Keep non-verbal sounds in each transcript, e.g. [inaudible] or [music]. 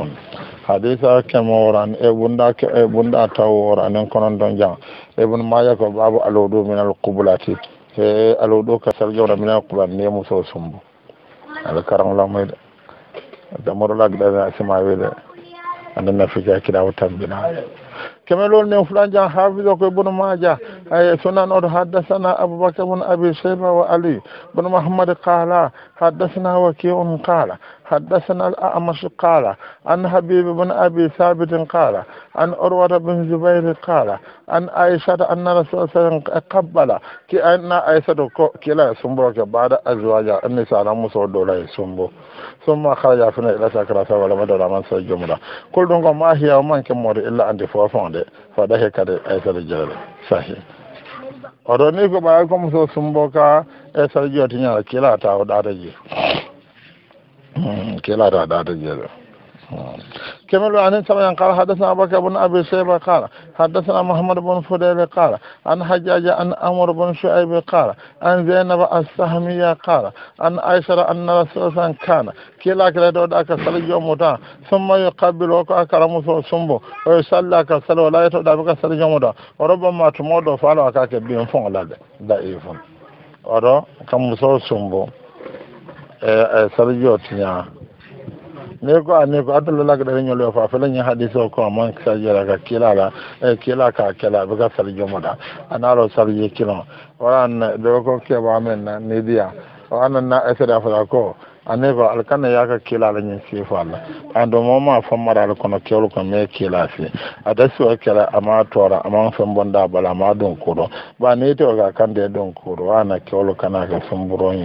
fun hadisa kema woran e bunda ke e bunda taw woran en konon don jang e bun maja ko babu alodo min al qublati e alodo ka sal jawra min al qublan ne muso sumbu al karam la moy da moro la gda sima wele andan na fija kida watan bina kemelol min fulanja haafido koye bono maja ay so nan oto haddasana aboubacar bono abi seyba wa aliy bono mahamad kaala haddasana waki on kaala haddasana al amas kaala an habibe bono abi sabitin kaala an orwata bin zubairu kaala an aishata anna rasul sallam kabbala ki anna aishata ko kila sumbo ke bada azwaja anni sala muso dola e sumbo summa kharaja fina ila sakra sa wala madara man sa jumla kul dungo mahiya man ke mori illa andi fofonde kade fadake kade aysata jarare sahi oɗo ni ko ɓawi ñana kilata o ɗata hmm, kilata ɗata كمل عن سمع قال حدثنا ابو بكر بن ابي شيبة قال حدثنا محمد بن فضيل قال عن حجاج عن امر بن شعيب قال عن زينب السهمية قال عن عائشة ان رسول الله كان كلا كلا دود أكسل يوم دا ثم يقبل وكو أكرم سنبو ويصلي أكسل ولا يتود أكسل يوم دا وربما تمود فعلوا كاك بين فون لا دا إيفون كم سو sumbo ا sarjo tinya ne ko ne ko adalla la ni nyolo fa fa lanya hadiso a man sa jira ka kila la e, kila ka a bɛ ka a n'a anaro sar ye kino waran do ko ke ba men na ne dia wannan na a fa ko ne ko alkana ya ka kila la nyin si fa la ando mɔgɔ ma fa mara al kono kewlo ko me kila fi ada so kila ama tora ama fa bonda bala ma don ko ba ne to ga kan de don ko ana kewlo kana ka sun buron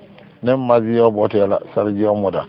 nin maziyo botela sarjiyo muda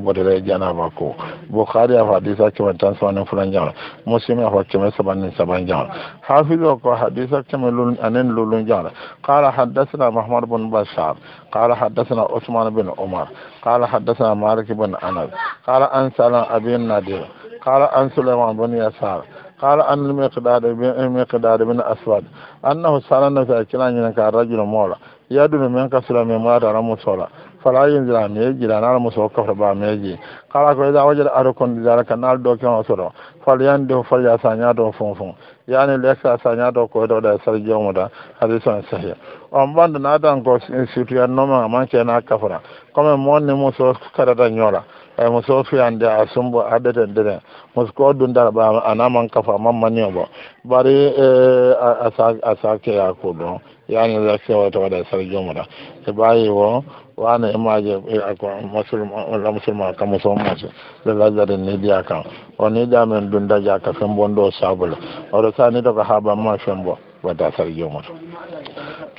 bote la e jana ba ko bukhari ya hadisa kɛmɛ tan saba ne fila jama muslim afa kɛmɛ saba ni saba jama hafizu ko hadisa lulun anen lulun jama qala hadathana mahmud bin bashar qala hadathana usman bin umar qala hadathana malik bin anas qala an salam abin nadir qala an sulaiman bin yasar قال أن المقدار المقداد بن أسود أنه سأل النبي صلى الله عليه مولا يدعو من كسر من مراد على مصورة فلا ينزل عن يجي على مصورة كفر بها ميجي قال أكو إذا وجد أركن ذلك نال دوكي مصورة فلينده فليسانيا دو فنفن يعني ليكسا سانيا دو كويدو دا سرجي ومدا حديث صحيح ومبان نادان كو سيتيا نوما من كينا كفر كما مون نمو سوى كرة نيولا Eh, mo sofiyande a sumbo aɗeten dene musko oddundara ɓa anaman kafa mammanio bo bari eh, a sakeya kuɗo yani zakewa ta wada sar jumura ta e bayi wa wani imaje e, la musulma ka musamman masu da lazarin ne biya kan wani damin dun daga ka fin ndo sabula wadda sa ni daga haban man fin wa wada sar jumura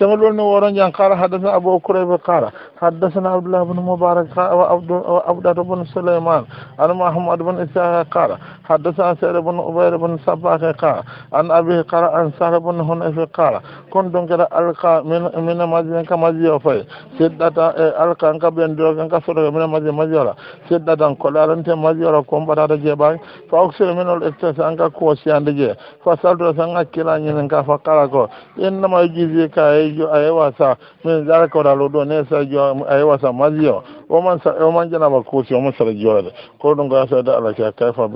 تملون ورن جان قال حدثنا أبو كريب قال حدثنا عبد الله بن مبارك وعبد بن سليمان عن محمد بن إسحاق قال حدثنا سعيد بن أبير بن سباك قال عن أبيه قال عن سهل بن هنيف قال كنت كده ألقى من من مجد كمجد في سدة ألقى كبين دوغ كسر من مجد مجد سدة كلا أنت مجد كم بدأ جبان فأكثر من الاستسان كوسيان دجي فسألت سانك كلا ينكا فقال إنما يجزيك أي a aye wasa min zara kawralo ɗo ne a aye wasa mali o oman oman janaba kuusi omo sara joore ko don ɗum goya seede ala ke kayfa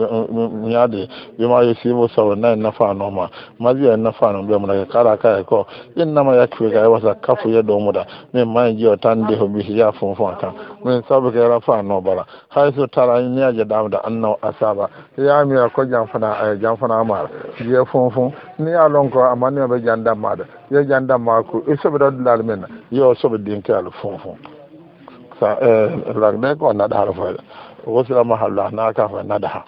ñaade wima yo sibo sawo nayi nafanoma mali e nafano ɓemrake kala kaye ko innama yakfi ka aye wasa kafuye ɗomuɗa min yi mayi jeo tande ho mbisi ya fonfon kan min sabu ke rafano bara hayso tara niyaje ɗamda annaw asaba yamira ko jan janfana eh, ma mara je fonfon ni ya lonko amanniɓe jandanmaɗa ye janda mako e sobe da dulal men yo sobe din kal fonfon sa eh lagne ko na da harfa wasala mahalla na ka fa na da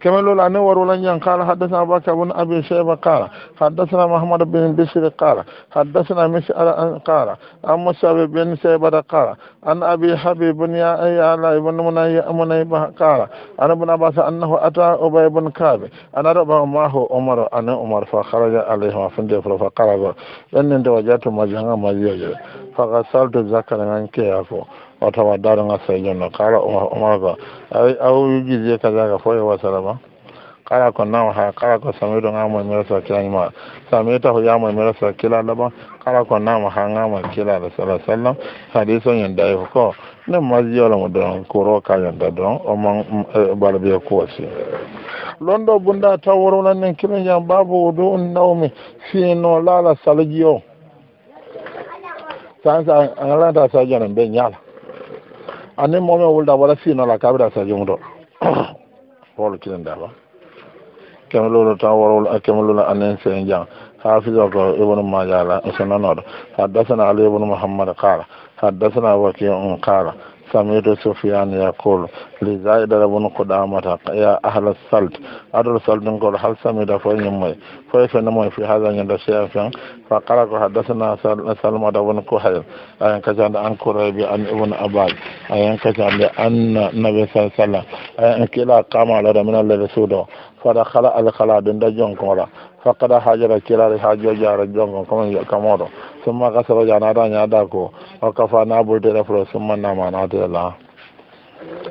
كما لولا نور ولن ين قال حدثنا أبو بكر بن أبي شيبة قال حدثنا محمد بن بشير قال حدثنا مشعل ان قال ام مصعب بن شيبة قال ان ابي حبيب بن يا يعلى بن منيبة قال انا ابن عباس انه اتى ابي بن كعب أنا ربع معه عمر انا عمر فخرج عليهما فندفر فقال ان انت وجدت مجهنا مجيجا فغسلت ذكرا يا كيافه Wata watawa sai sejonno kara umar ko aw yujidie kadaka foye e wasalama kara ko naw ha kala sami don gamo mirasa sami ta ko yamo mirasa kila laɓa kara ko nama ha gama kilaɗo sala sallam hadis o yen dayfo ko nden mu don ka yanda don oman balbiye koosi lon ɗo bunda nan worwlannen kiran yan babu wudu un nawmi fiino laala salji o san an alanta sajana ben yala anin momin wulda wala sino la kabira sa jumdo [coughs] wol kilen daba kemi lulu tan worol kemi lulu anin sen jang hafiza ko ibnu majala do haddathana ali ibn muhammad qala haddathana waki qala samir sufyan ya kol li zaida da wani kuɗa mata ya ahal salt adar saldin gol har sami da fanyin mai fayfa na mai fi hazan yin da shafin fakara ko haddasa na salma da wani kuhayar a yanka jan da an kura bi an ibn abad a yanka jan da an nabi sallallahu a yanka ila kama da min allah da su da fada khala al khala da jon kora faqad hajara kirare hajo jara jongon comme kamoɗo summa kasaro janaɗa da ko o kafa naɓoyteɗe fro summa namanatela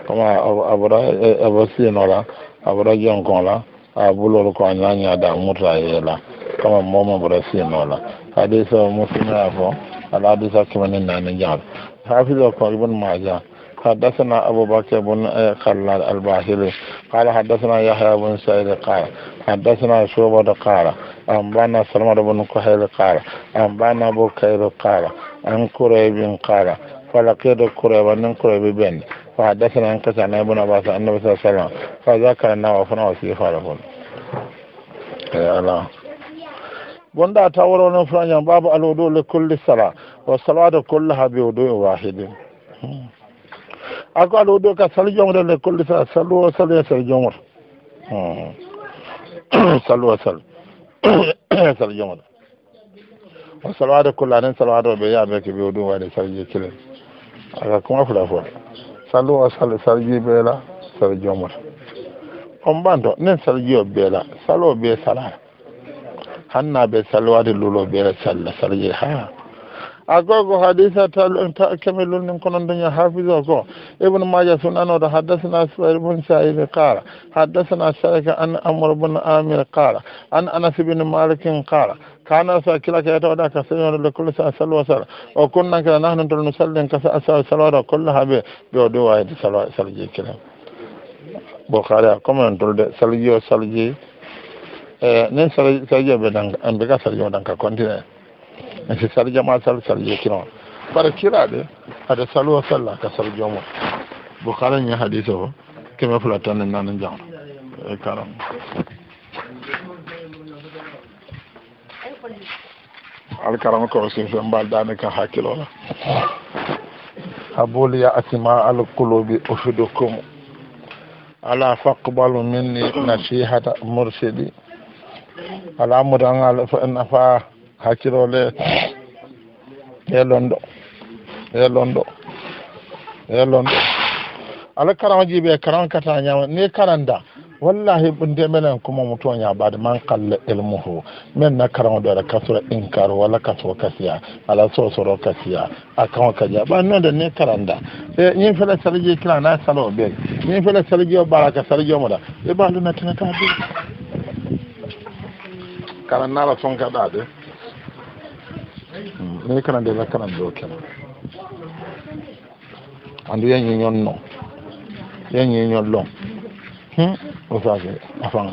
comme abra abo sinola abra jonkon la a bulol ko a ñañaɗa muta yela kama momo bra sinola hadis o muslima fo ala hadis hakkimani nani jaal حافظ وكم ابن ماجه حدثنا أبو بكر بن خلال الباهلي قال حدثنا يحيى بن سعيد قال حدثنا شعبة قال أنبانا سلمة بن كهيل قال أنبانا كهيل قال عن كريب قال فلقيت كريب عن كريب بن فحدثنا عن كسر ابن عباس عن النبي صلى الله عليه وسلم فذكر أنه وفنا وسيف على يا الله بندا ta wurin باب الوضوء لكل alwudu li كلها بوضوء واحد salatu kullaha bi جمر لكل akwai صلوا ka saljon da [coughs] sallu sal sal [coughs] jomon o salawade kullanen salawade o ɓe yameke ɓe o ɗum waɗi sarji cilen aka kuma fula fo sallu o sal sarji beela sal jomon on ɓanto nen ji o beela salo ɓe salala hanna ɓe salwade lulo ɓeela salla ji ha أقوى حديث تكمل من كنا دنيا حافظ أقوى ابن ماجه سنن حدثنا سعيد بن سعيد قال حدثنا سلك أن أمر بن آمر قال أن أنس بن مالك قال kana sa kila ka yata wada ka sanyo da kullu sa salwa sal o kunna ka nahnu tul musallin ka sa sa salwa kullu habe do do wa ta salwa salji kila bukhari kuma salji salji eh ne salji salji be dan an salji dan ka continue nti sarja ma sal sarje kiran bara kirade ada salwa salla ka sarjo mo bukhari ne hadith o fula tan nan jang e karam karam ko sin fe mbal dane ka hakilo la abul ya asma al qulubi ufidukum ala faqbalu minni nasihata mursidi ala mudangal fa hakkilole e londo e londo e londo ala karama jiiɓe karama kata nyama ni karanda wallahi ɓunde melen kuma mutum ya bada man kalla ilmuhu men na karama da kasura inkar wala kaso kasiya ala sosoro kasiya a kan kaja ba nan da ne karanda e, yin fela sarji kira na salo be yin fela sarji baraka ka mu da e ba na tana ta bi karan la son ka da de ne kana da la kana do kana andu yan yon no yan yon long hm o sa se afan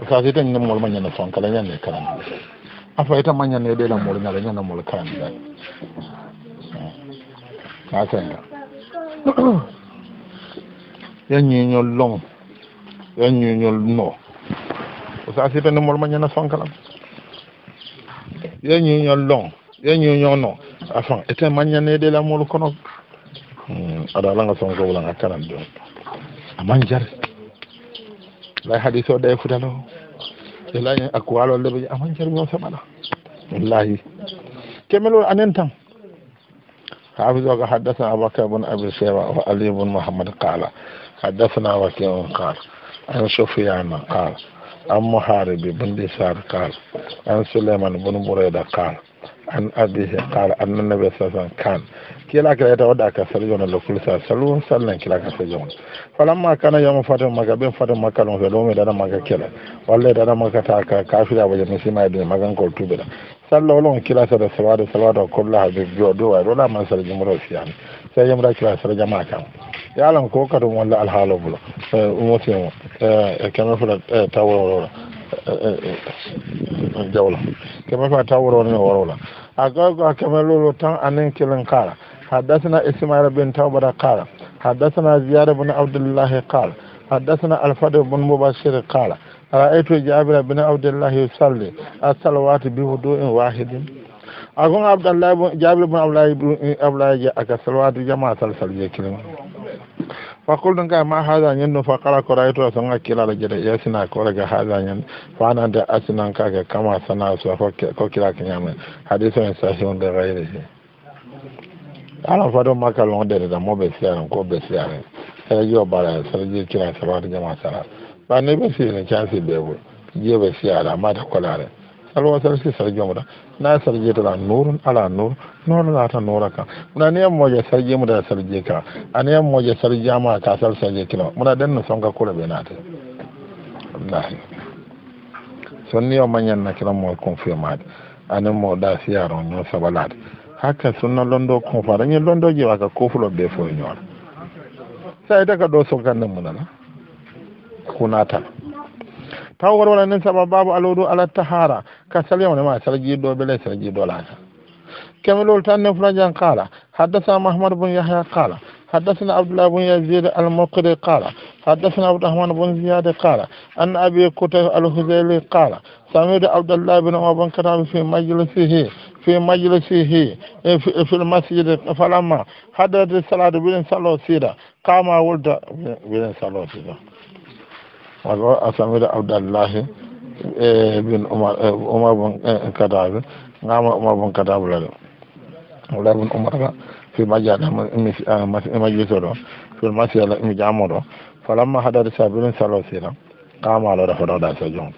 o sa se tan mo ma nyana fon kala nyane kana afa ita ma ne de la mo nyala nyana mo kana da ka sen yan yon long yan yon no o sa se tan mo ma nyana fon kala yanyi yon long yanyi yon no afan ete manya ne de la mulu kono hmm, ada langa son ko langa kanan don aman jar la hadiso da lai de e la yan akwalo a aman jar mo samala wallahi kemelo anen tan حافظ حدثنا na بكر بن أبي سيبة وعلي بن an muharibi bin disar kal an suleiman bin da kal an abisi kal an nuna bai sassan kan kila kila ita wadda aka sari yana da kulsa salon sallan kila ka sai yawon falon ma kana yawon fatin maka bin fatin maka lomfe lomi da maka kila wallai da na maka ta ka kafi da wajen misi mai bin magan kultu bida sallan wani kila sa da salwa da salwa da kullum habibu biyo dowa rola man sai yamra kira sar jama'a kan yalan ko kadon walla alhaalo bula eh, umotimo eh, eh, keme fula tawrorora jawla keme fula tawrorone worowla agaga keme lolo tan anen kilin kara حدثنا إسماعيل بن توبة قال حدثنا زياد بن عبد الله قال حدثنا الفضل بن مبشر قال رأيت جابر بن عبد الله يصلي الصلوات بوضوء واحد akon abdullahi jabir bin abdullahi eh, abdullahi aka salwatu jama'a salsal je kiran fakul ɗum kay ma haadañen ɗum fa kala ko rayto so gakkilala fa yasina kolega haadañen fanande asinan kake kama sana so ko kila kilaka ñamen haɗi so en station de rayrehi alan fado makkal on ɗede ɗan moɓe siyaen ko ɓe siyaen saɗa jio bara saɗa jio kila sabatu jama sara ɓanni ɓe sihne cansi ɓe ɓo jio ɓe siyaɗa mata kolare alwasar si sarge mu da na sarge ta da nurun ala nur nur na ta nura ka muna ne mu je sarge mu da sarge ka a ne mu je sarge ma ka sar sarge kina muna dan na son ka kula bai na ta wallahi son ne manyan na kiran mu kun fi ma anin mu da si yaron yo sabalat haka sunna londo kun fara ni londo je waka ko fulo be fo nyora sai daga do son kan nan mun na kunata taw warwala nen saba babu alowɗo ala tahara ka salyamonema sara jiɗɗo beele sara jiɗɗo lata كملول تان فلان قال حدثنا محمد بن يحيى قال حدثنا عبد الله بن يزيد المقري قال حدثنا عبد الرحمن بن زياد قال أن أبي كتيب الهذيلي قال سمعت عبد الله بن عمر بن كتاب في مجلسه في مجلسه في, في المسجد فلما حدث الصلاة بن صلى سيرة قام ولد بن صلى سيرة wato a sami da abdullahi eh, bin umar bin kadabi ma umar bin eh, kadabi la do wala bin umar la fi majala majiso eh, do fi masiyala mi jamo do hada hadar sabirin salo sila kama lo da fodo da sa jong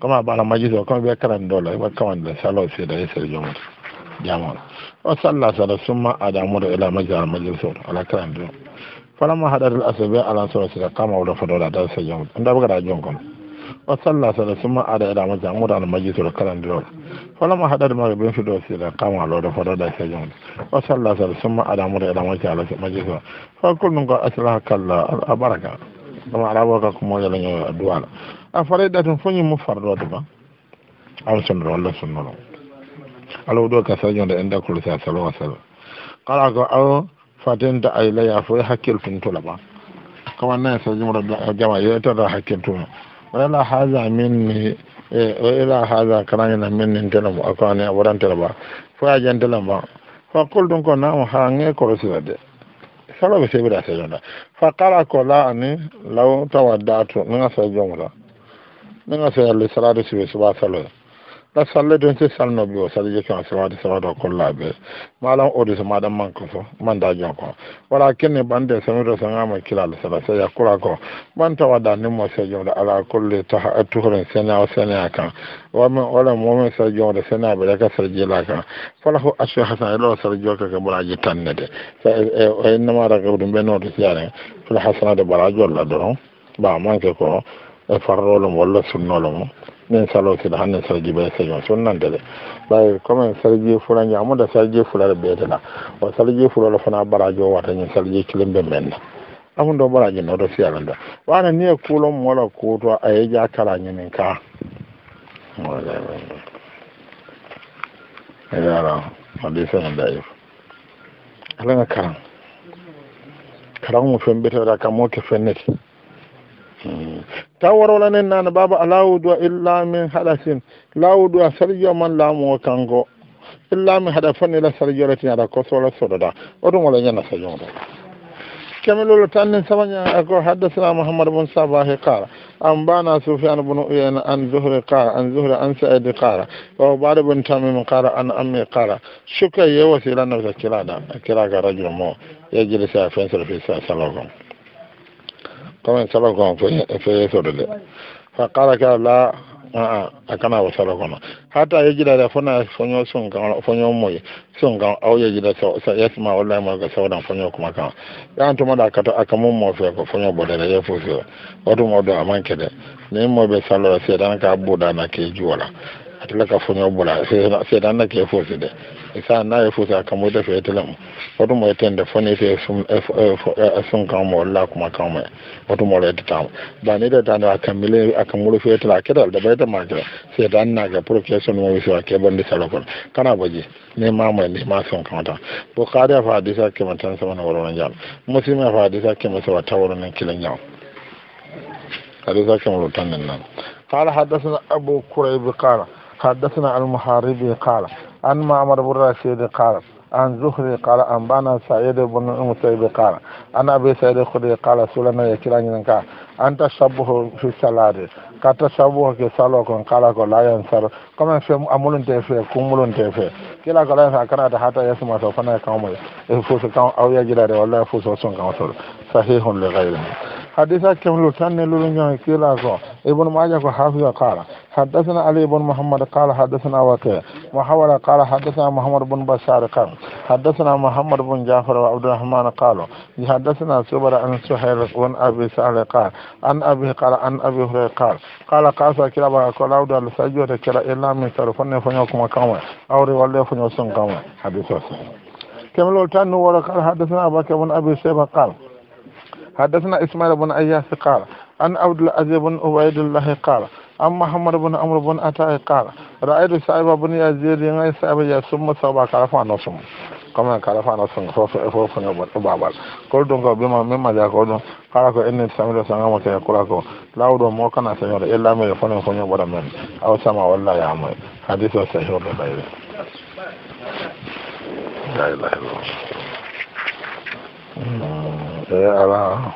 kama bala majiso kama be karan do la ba kama da salo sila ya sir jong jamo o salla sala summa adamu da ila majala majiso ala karan do falamma hadatul asabi ala surati kama wala da sai da jonkon a fare da tun funyi sa fatin da ayla ya fo hakkil tun to laba kama nan sai jumra jama ya tarra hakkil tun wala haza minni eh, wa ila haza karanya minni telamu ba wadan ya fo ajan ba fa ko na mu kol ɗum ko namo ha ge korosira de saroɓe sebira sejonda fa kala ko la ani law tawa datu naga sa jomuta naga sa allah su ba suba saloya ɗa salle don si salnoɓe o saɗa jekkan sewade sewade o kollaɓe malan odise maɗa manque so manda jon ko wala kenne ɓande samiro sangama kilal saɗa seya kura ko ala o kan wala sara jomde sénéa ɓe ɗeka sara jila kan fala ko accu hasan eɗo sara jokake ɓoraji tannede e ba ko e farrolum walla sunnolomo min salotide hanne sarji ɓe seño sunnante de ɓay commen sarji amma ñamuda sarji fulare da o sarji fulole fana baraji o watañin sarji kilimɓe menna amun o baraji noto fiyalanda wana ni e kuulon mola kuuto a yeja karañinin ka yara adi seño dayif alaga karan karan mo femɓeteda kam mo ke fenneti tawar wala nen nana baba alawudu illa min hadasin lawudu sarjo man lamu kango illa min hada fani la sarjo la tiyara ko sola sodada odum wala nyana sa jonda kamel lo tanne samanya ko hadathna muhammad bin sabah qala am bana sufyan bin uyan an zuhri qala an zuhri an sa'id qala wa ba'd bin tamim qala an ammi qala shukra yawsi lana zakirada kira ga rajul mo yajlisa fi sa salawat kɔmi saba kɔn fɛn sɔrɔ dɛ fa kala kɛra la a kana wa sara kɔnɔ hata ye jira dɛ fo n'a fɔɲɔ sɔnkan fɔɲɔ mɔ ye sɔnkan aw ye jira yasima o la mɔ ka sawudan fɔɲɔ kuma kan y'an tuma da ka to a kamu mɔ fɛ ko fɔɲɔ bɔ dɛ ye fo fɛ o tuma o don a man kɛ dɛ ni mɔ bɛ sa lɔ sɛdan k'a bɔ da na k'e ju la a tila ka fɔɲɔ bɔ la sɛdan na k'e fo fɛ dɛ isa na ya fusa kamo da fe tilam wato mo ten da fone te sun sun kan mo la kuma kan mo wato mo le ta ba ne da ta da kan mile akan mu fe tila kedal da bai da ma sai dan na ga profession mo wisa ake ban da salafon kana baje ne ma mai ne ma sun kan ta bukhari fa hadisa ke matan sama na wurin jam muslim fa hadisa ke masa ta wurin kilan jam hadisa ke mu tan nan قال حدثنا أبو كريب قال حدثنا المحاربي قال an ma'amar burra ce da kara an zuhri kara an bana saye da bunan in mutai bai kara an abu saye kudi kara su lana ya kira yin ka an ta sabu su salade ka ta sabu ke salo kan kara ko layan sar kuma fe amulun ta fe kun mulun ta fe kila ka layan sar kara da hata ya suma sau fana ya kawo mai fusu kan auya gida da wallahi fusu sun kan wasu sahihun da gairi حديثا كم لسان لولن كيلا كو ابن ماجه كو حافظ قال حدثنا علي بن محمد قال حدثنا وكيع وحول قال حدثنا محمد بن بشار قال حدثنا محمد بن جعفر وعبد الرحمن قال حدثنا سبر عن سهيل بن ابي سهل قال عن ابي قال عن ابي هريره قال قال قاسا كلا با قال عبد الله السجود كلا الا من ترفن فنيكم كما او ري فنيكم كما حديثا كم لو تنور قال حدثنا ابو بكر بن ابي شيبه قال حدثنا Isma'il بن أياس قال عن عبد العزيز بن عبيد الله قال عن محمد بن عمرو بن عطاء قال رأيت سعيد بن يزيد ينعي سعيد يسمى سبع كرفان وسمى kamar kara fana sun fofin babal kordon ka bima min maja kordon ko inni sami da sanga maka da illa mai fonin kun yo bada men aw sama wallahi ya mai hadithu sahih da bayri la e ala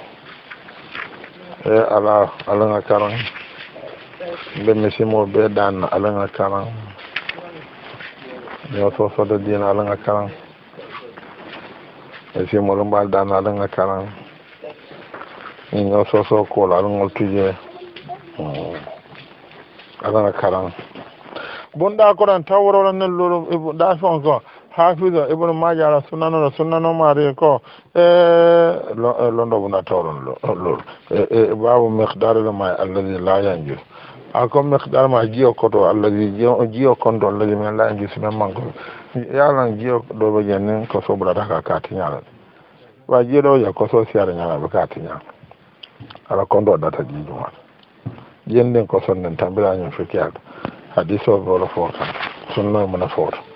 e ala ala alaŋa karan be misimo be dan alaŋa karan yo sosoɗo din alaŋa karan misimo ɗum ɓal dan alaŋa karan yo soso kool alaŋol tuje alaŋa karan bunda koran tawroranen loro da fon ko hafiza ibnu maja ala sunnano ɗo na maari ko e, e londo buna tawron lol e, e, babu miqdar ɗo ma alladi la yanju ako miqdar ma jiyo koto alladi jiyo konto alladi min la yanjus men manko yalan jiyo do be ne ko soɓurata ka katiñala wa jiyo do ya ko so siyara ñalaɓe katiñala ala konto data jijumal jenden ko sonnen tambira fikiyata hadis hadiso bolo fo kan sunnoy mona foto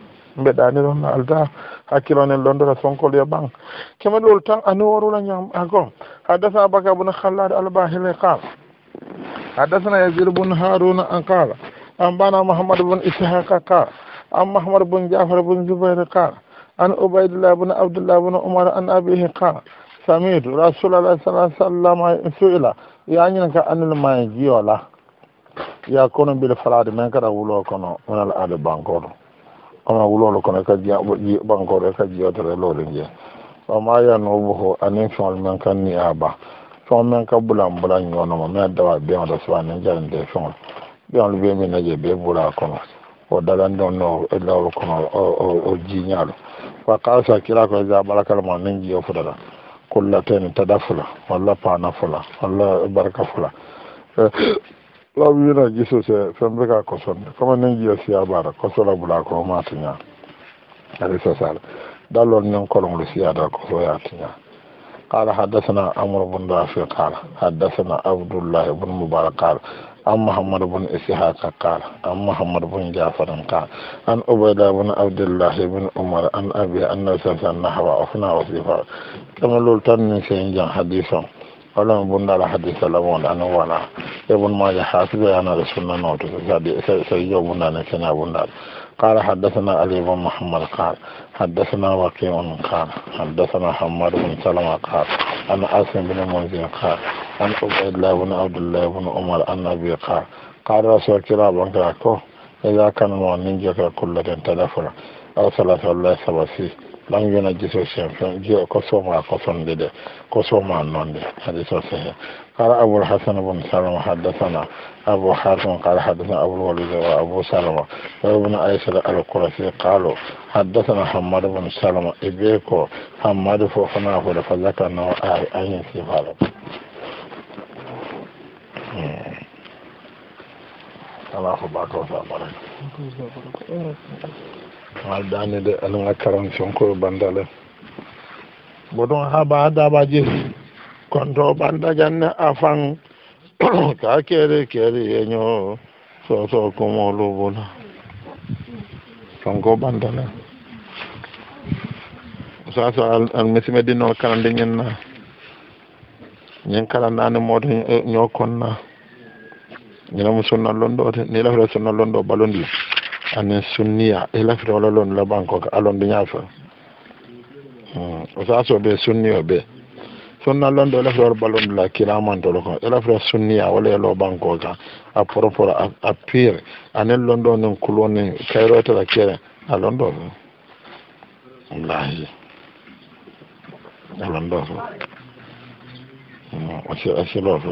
mbeɗa ni ɗon alda hakkilonen londora sonkol yo ɓang kemaɗol tan ani worula ñam ago haddasa abaka bune hallade alba haddasana bune haruna an kala mahamadou bune ishaka kala an mahamadou bune jafar bune zubayre kala an ubaydillah bune abdullah bune umar an abihi rasulallah sala suila jiyola ya kono mbile falade men kono onal ade ona wulolu kono ka jiya bankore ka jiyotere lolin je fama yanubuhu anin feŋol meŋ ka ni a ba feŋol meŋ ka bulan bulan ɲɔnoma meŋ dawa beŋoto soba nin jarinde feŋol beŋol be min na je be bula kono o don no e lawol kono o jiñaalu fa kaasa kira ko ja barakalama nin jiyo futata kullaten tada wala walla na fula wala barka fula lawi yana giso sai fɛn bɛ ka kɔsɔn kɔmi ne jiyɛ siya b'a la kɔsɔ la a bɛ sɔsɔ a la da lɔn ni kɔlɔn wolo siya da kɔsɔ y'a tiɲa kala ha dasana amadu bun da fɛ kala ha dasana abudulayi bun mubarak kala an muhammadu bun isiha ka kala an muhammadu bun jafarin kala an ubaida bun abdullahi bun umar an abiya an na sasa na hawa a funa wasu ifa kamar lolo tan ni sayin jan hadisan wala bunda la hadisa la mon anu wala e bon ma ja hasbe ana da sunna noto sadi sai jo bunda ne sana bunda قال حدثنا علي بن محمد قال حدثنا وكيع قال حدثنا حماد بن سلمة قال عن عاصم بن منذر قال عن عبيد الله بن عبد الله بن عمر عن قال قال رسول الله بن إذا كان المؤمن كل تدفر الله سبسيه lan yona jiso sen fen ko soma ko son de de ko soma non de hadi so se qara abu hasan ibn salam hadathana abu hasan qara hadathana abu walid wa abu salam wa ibn aisha al qurashi qalu hadathana muhammad ibn salam ibeko muhammad fo fana ko da fazaka no ay ay si balo hmm. Allahu akbar wa barakatuh. dani de alin a karan sonko bandale bodon haba dabaji konto bandajanne afan ka [clears throat] kere kere yeño soso kumolu buna sonko bandale sasa almisime dinno karande ñenna ñin karandani moto eh, ñokonna ñinamu sunna londo te ni lafata sunna londo balondi Ani sunniya ilafita e wala lon la banko ka alonde ñafa hmm, o saso ɓe sunni o ɓe sonna londe ilafita wala ballonde la kiramantolo ko ilafita e sunniya wala yelo banko ka a propre a pire ani londo nin kuloni kayroytata kere a londo fo wallahi a londo fo hmm, o silo fo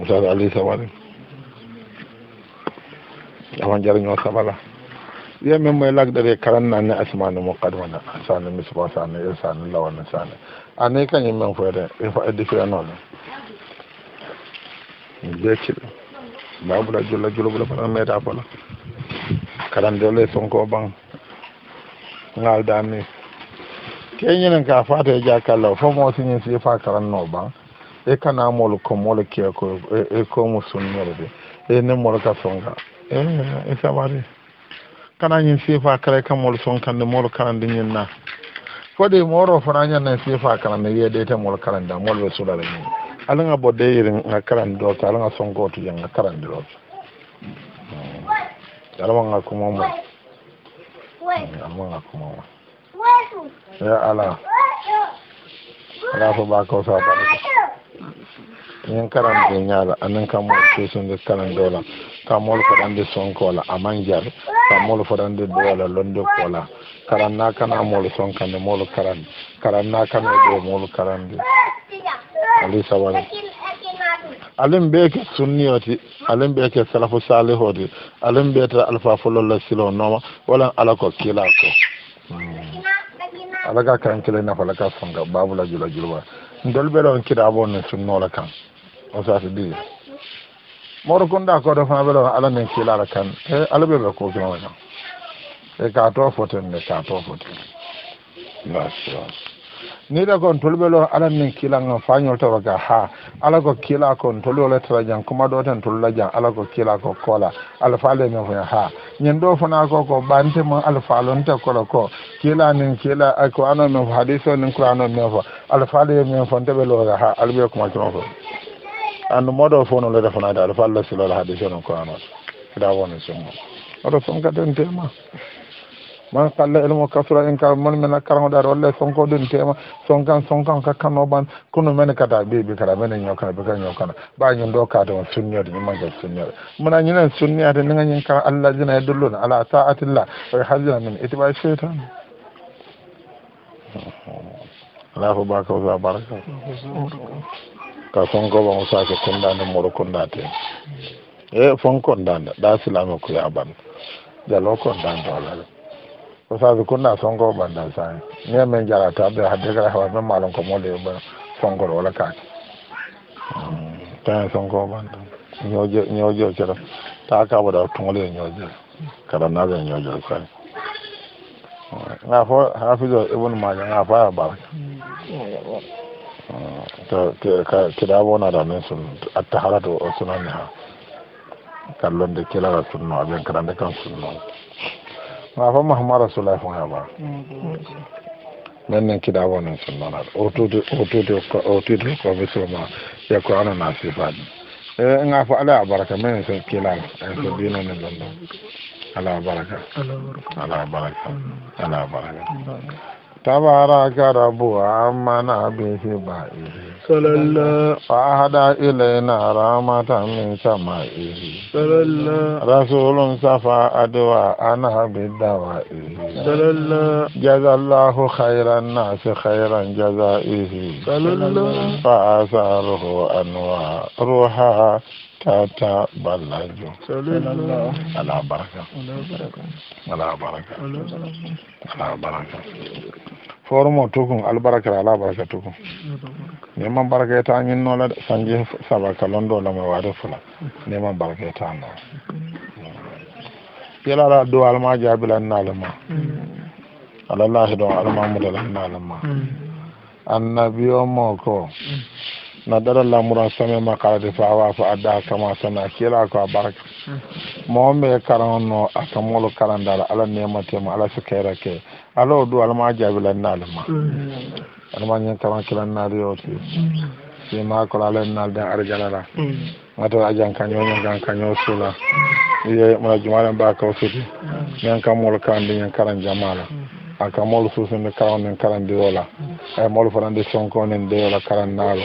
o sata alisa waɗi aman jariñoo sabala ya min moy lagdere karan nanne asmane mo kad wona sane misba sane e sane lawana sane ane kañum jula foyde e difiranoɗo jeeciɗo babula julla julobula fota meeda fola son k'o ban ngaldani keñinen ka fata e jakalla fof mo siñin si fa karanno ban e kanamolu kommole keeko e, e komu sunnere de e nemmolo ka ga e sabari kana ñin sifa kare kan mol sonkande mol karande ñin na fode moro fana ñanna sifa karande wiyedete mol karanda mol ɓe suɗara ñin alaga bodde yirin ga karandi ɗoto alaga songoto jan ga karandi ɗoto alamaga kuma mo alamaga kuma mo ya ala ala fo ɓa sa baɗa yin karan din yara anan ka mol ko sun da karan dola ka mol fadan da son kola amanjar ka mol fadan da dola londo kola karan na kana mol son kan mol karan karan na kana do mol karan da ali sawala alin be ke sunniyoti alin be ke salafu salihoti alin be ta alfa fulol la silo noma wala ala ko kila ko hmm. ka kan kelen nafa la ka fanga babu la jula jula ndol be don kida bon ne sunno la kan o sa di moro kun da ko do fa be eh, ala ne kila la kan e ala be be ko fi wona e eh, ka to foten ne ka to foten na ni da kon tolu belo ala min kila nga fanyol to ga ha ala ko kila kon tolu la tra jan kuma do tan tolu la jan ala ko kila ko kola ala fale ho ha nyen do fana ko ko bante mo ala ta ko ko kila nin kila ko ano me hadiso nin ko ano ho ala fale me ho tan belo ga ha ala be kuma ko ko andu modo fono le da fana da ala silo hadiso nin da wono sumo odo fon ka tema man kalla ilmu kasura en ka mon mena karangoɗaɗo walla ko ɗum tema sonkan sonkan kakkano ban kono men kata ɓeɓe kata mene ñokana ɓe ka ñokana ɓa ka ɗo kate on ma ñimanke sunniyode mona ñinen sunniyade ndiga ka kara allah jina yadulluna dulluna ala saatillah wa hajjina min itiɓa shaytan Allahu baka wa baraka ka sonkoɓa mo kunda kundade moro kundate e eh, fon kondanda da silami ko yaɓan jalo kondanta alala ko sabi kunna songo bandan sai ne men ta be hadde gara hawa be malon ko mole ba songo wala ka hmm, ta songo bandan nyoje nyoje kera hmm, ta ka ba da tungole nyoje kada na ga nyoje sai na fo hafizo ibn majah na fa ba ta ka kida bona da nan sun at-taharatu ha kallon da kilara sunno abin karanta kan sunno ma fa mahamara sula fun haba nannan kida wannan sunnanar otudu ko bisu ma ya ko ana na sifadi fadi eh, in afa ala baraka men sai kila an sabina ne lalla ala baraka ala baraka ala baraka تبارك رب عمنا به بائه صلى الله فأهدى إلينا رحمة من سمائه صلى الله رسول صفى أدواءنا بالدوائه صلى الله جزى الله خير الناس خيرا جزائه صلى الله فآثاره أنواع روحها tata ballajo ala baraka ala baraka ala baraka tukun albarakara ala baraka tukun neman baraka ya ta yin nola sanje sabaka londo la mai wari fula neman baraka ya ta nola yalara do alma jabilan nalama alallahi don alma mudala nalama annabiyo moko nadara lamura same makara da awa fa adda kama sana kila ko baraka mo me karan no akamolo karan dara ala nema tema ala fikira ke ala do alma jabilan nalma alma nyen kama kilan nal yo ti si ma ko ala nal da arjala la mato ajan kanyo nyen kan kanyo la ye mana jumala ba ka ositi nyen kamol da nyen karan jamala aka mol susinde karonen karandirola ay mol fanande sonkonen deyola karannaalo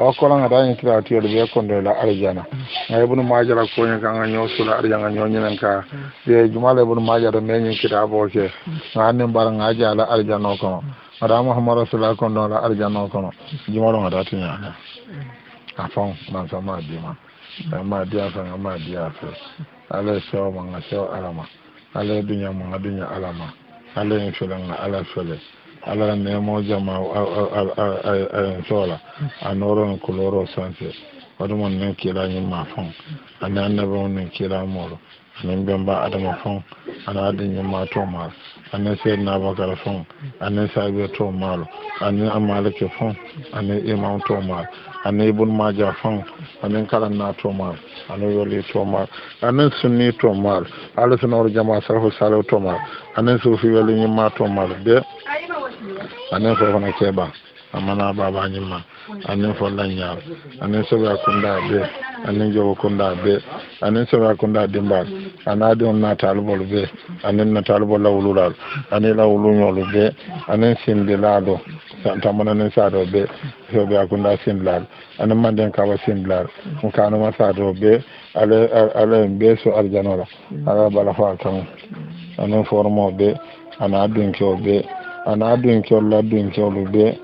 o kolanga dañi kira tiyoɗo ɓe kondoyla ardiana a ibnu majara koñi kanga ñoosula ardianga ñoñinen ka ɓe jumala ibnu majara meñin kitabo ke ga hannin mbara ga jaala ardiana o kono aɗa mouhamado rasula kondola ardiana o kono jumaɗo gaɗa tiñana a fon man sama dima ma diya fe ma diya fe ala sewo ma ga sewo alama ala duña ma ga duña alama alayin filan ala fele ala nemo jama ayin sola a noron kuloro sanse wadumon nin kila yin mafon a nan nabawan nin kila moro anin bemba adama fun an adin an to sayar na bakar fun an nan sabiya to an malake amalike an anin imam to an anin ibun maja fon Kalan na to an anin yoli to an anin sunni to malu ala wani jama'a sarfu salo to an sufi wali yamma to mal be keba amana baba nyima anin folla nya anin soba kunda be anin jowo kunda be anin dimba be anin anin nyolu be anin nin sado be sobe akunda anin manden be ale ale be so aljanola ala bala fa kan anin formo be ana be ana la be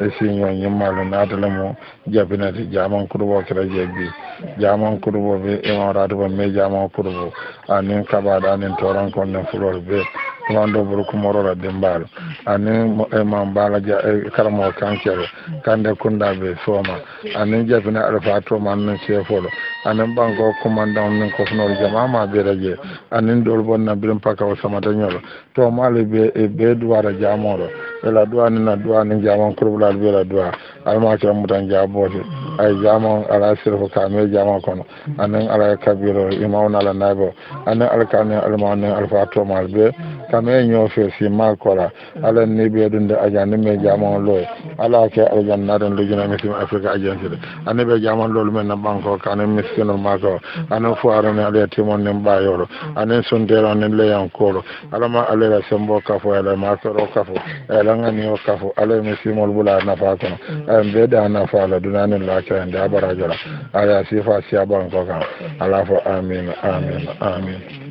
e siño ñimmalu naatale mo jabinati jaman kurbo kira jebbi jaman kurbo be imoratu ba me jaman kurbo anin kabaɗo anin toran konnen fulor be wando buru kumorora dimbalo ani imam bala ja e, karamo kankero kande kunda be foma anin jabina alfa to man anin banko commandant min ko sono jama ma biraje anin dol bonna birin paka o samata nyoro to male be e be duara jamoro ela duwa ni na duwa ni jaman kurbulal be la duwa alma ke mutan jaboti ay jamon ala sirfo kame jamon kono anan ala kabiro imawna la nabo anin alkane ne alfa to mal be kame nyo fe si ma ala ni be dunde ajani me jamon lo ala ke aljan naden lujina misim afrika ajansi anibe jaman lol men na banko kanen mis miskino maso anen fo arani ala timon nin ɓayoro anen sondero ala ma alama la sembo fo ala ka fo ala ganiyo kafo alay misimol ɓula nafa kono mm. ayen ɓeeɗa nafa ala dunanin lakira nde bara barajola ala sifa ko ka ala fo amin amin amin